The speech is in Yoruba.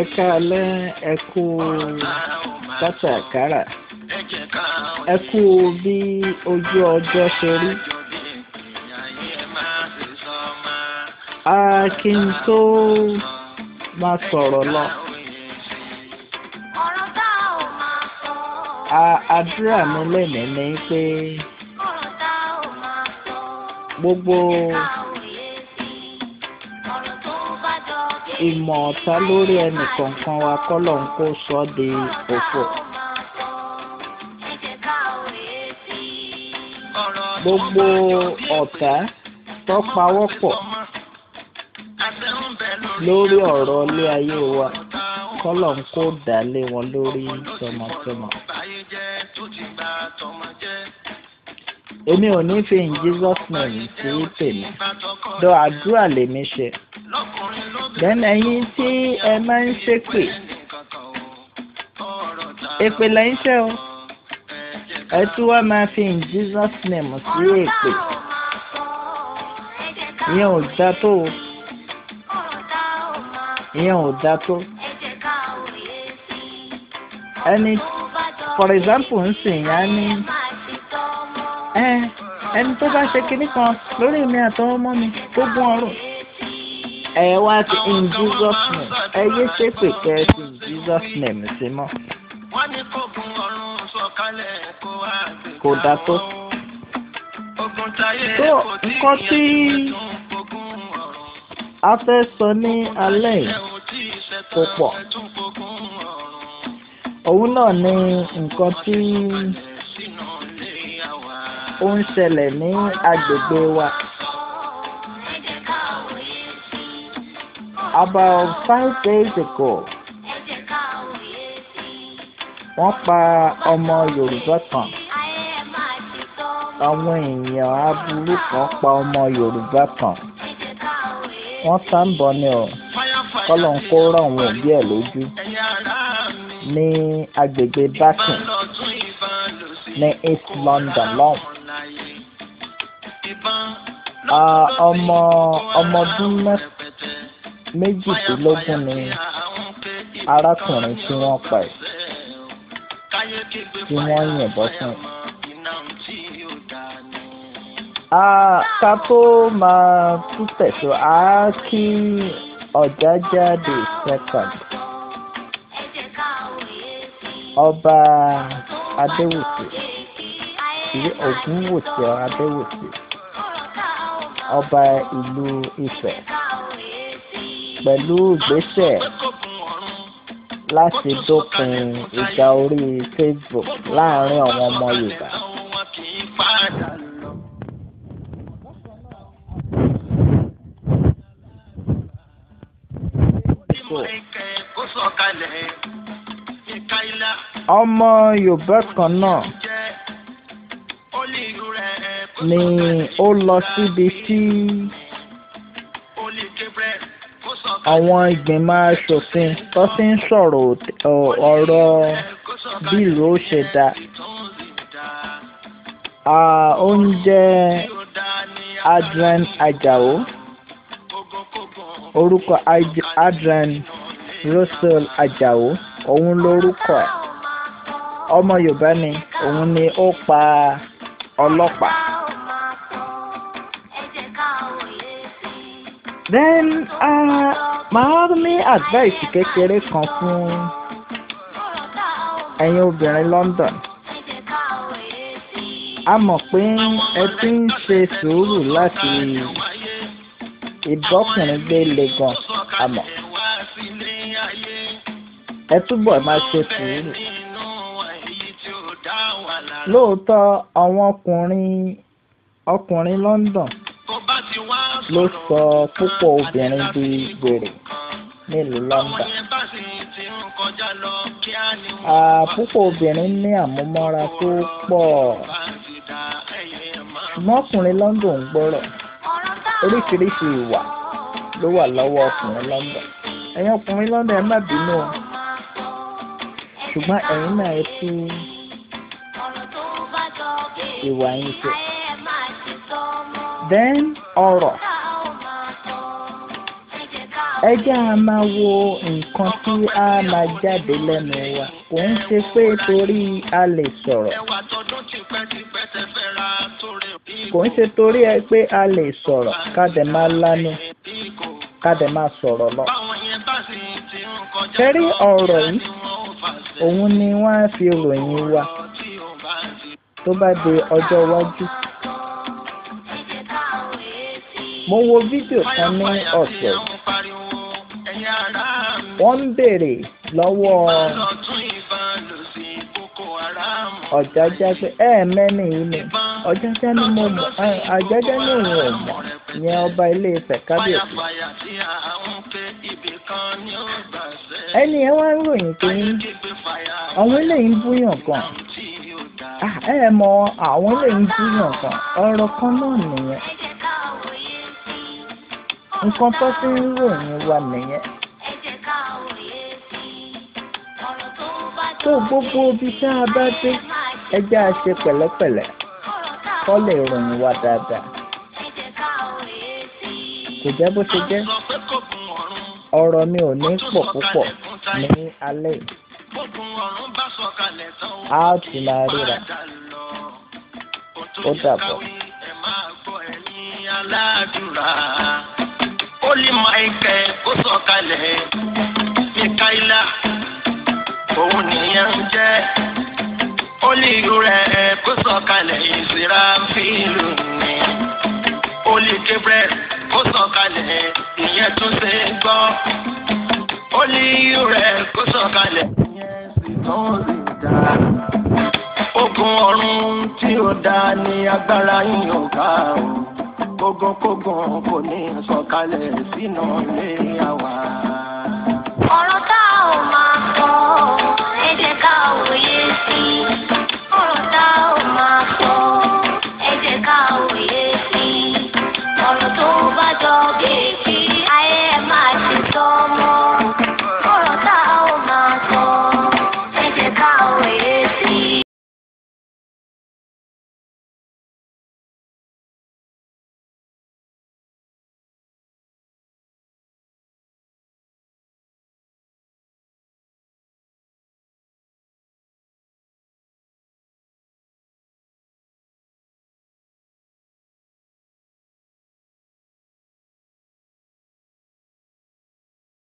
ẹ káalẹ́ ẹ kú kátàkárà ẹ kú ojú ọjọ́ ṣe rí. a kí n tó máa sọ̀rọ̀ lọ. àdúrà mi lẹ́nu ni pé gbogbo. ìmọ̀ ọ̀tá lórí ẹnì kọ̀ọ̀kan wa kọ́lọ́hún kó sọ di òfò. gbogbo ọ̀tá tó pawọ́pọ̀ lórí ọ̀rọ̀ ilé ayé wa kọ́lọ̀ ń kó dálé wọn lórí tọmọtọmọ. èmi ò ní fi in Jesus name sí tèmi dọ àdúrà lèmi ṣe bẹ́ẹ̀ni ẹ̀yin tí ẹ máa ń ṣépè èpè lẹ́yìn ṣe o ẹ tún wá máa fi in Jesus name sí èpè ìyẹn ò dá tó o ìyẹn ò dá tó ẹni for example nsìn yá ní ẹni tó bá ṣe kinní kan lórí mi àtọwọ́mọ́ mi tó gún ọrùn ẹ wá in jesus name ẹ yé ṣépè kẹsì in jesus name Simon? mọ́. wọ́n ní kókun ọ̀run sọ̀kalẹ̀ kó wá gbẹ̀gbẹ̀ kó dá tó. ogun tí a fẹ́ sọ ní alẹ́ kò pọ̀. òun náà ni nǹkan tí ó ń ṣẹlẹ̀ ní agbègbè wa. about five days ago wọ́n pa ọmọ Yorùbá kan àwọn èèyàn aburú kan pa ọmọ Yorùbá kan wọ́n sáǹbọ̀ ni ọ̀ kọ́lọ̀ ń kó rọ̀ wọn òbí ẹ̀ lójú ní agbègbè Barking ní East London lọ́hùn. ọmọ ọmọdún mẹ́sàn méjìdínlógún ni arákùnrin tí wọ́n pa ẹ̀ tí wọ́n yìnbọn fún. ká tó máa tún tẹ̀sọ́ á kí ọ̀jájáde second ọba adéwòsè ìwé ògúnwòsè adéwòsè ọba ìlú Ifẹ̀ pẹ̀lú ìgbésẹ̀ láti dópin ìjà orí Facebook láàárín àwọn ọmọ Yorùbá. ọmọ Yorùbá kan náà ni ó lọ síbi tí. Si àwọn ìgbìmọ̀ asòfin tó ti ń sọ̀rọ̀ ọ̀rọ̀ bílù ó ṣe dá oúnjẹ adrian ajao orúkọ adrian russell ajao òun lorúkọ ẹ̀ ọmọ yorùbá ni òun ni ó pa ọlọ́pàá. Then uh, máa ní advice kékeré kan fún ẹ̀yin obìnrin London a mọ̀ pé ẹ ti ń ṣe sùúrù láti ìbọ́kùnrin gbé legan àmọ́ ẹ túbọ̀ máa ṣe sùúrù lóòótọ́ àwọn ọkùnrin ọkùnrin London ló sọ púpọ̀ obìnrin di gbèrè nílùú London. púpọ̀ obìnrin ní àmúmọ́ra tó pọ̀ ṣùgbọ́n ọkùnrin London ń gbọ́rọ̀ oríṣiríṣi ìwà ló wà lọ́wọ́ ọkùnrin London ẹ̀yin ọkùnrin London ẹ má bínú o ṣùgbọ́n ẹ̀yin náà ẹ tú ìwà yín ṣe. then ọ̀rọ̀ ẹ jẹ́ á máa wo nǹkan tí á máa jáde lẹ́nu wa kò ń ṣe pé torí a lè sọ̀rọ̀ kò ń ṣe torí ẹ pé a lè sọ̀rọ̀ ká dẹ̀ máa lanu ká dẹ̀ máa sọ̀rọ̀ lọ. ṣẹ́rí ọ̀rọ̀ yìí òun ni wọ́n á fi ròyìn wa tó bá di ọjọ́ iwájú. mo wo fídíò kan ní ọ̀sẹ̀ yìí wọ́n ń béèrè lọ́wọ́ ọ̀jájá pé ẹ̀ẹ̀mẹ́ni yìí ni ọ̀jájá ni mo mọ̀ ọ̀jájá ni òun ò mọ̀ ìyẹn ọba ilé Ifẹ̀ kábíyèsí. ẹni ẹ wá ń ròyìn pé àwọn eléyìí ń búyàn gan ẹ mọ àwọn eléyìí ń búyàn gan ọ̀rọ̀ kan náà nìyẹn nǹkan tó ti ń ròyìn wa nìyẹn. tó gbogbo ibi tá a bá dé ẹjẹ́ a ṣe pẹ̀lẹ́pẹ̀lẹ́ kọ́ lè ròyìn wa dáadáa. kò jẹ́ bó ṣe jẹ́ ọ̀rọ̀ mi ò ní pọ̀ púpọ̀ ní alẹ́ a ó ti máa ríra ó dàbọ̀. ó lè máa ń kẹ́ kó sọ̀kalẹ̀ ní káìlá. fílù rẹ̀ kó sọ̀kalẹ̀ ìsirà fílù mi. Olè Gabriel kó sọ̀kalẹ̀ ìyẹn tún ṣe é gbọ́. Olè iyú rẹ̀ kó sọ̀kalẹ̀ ìyẹn sì tó rí dá. Ogun ọ̀run tí ó dá ní agbára yín ká o. Kógókógún kò ní sọ̀kalẹ̀ sínú ilé àwa. Ọ̀rọ̀ tá a ò.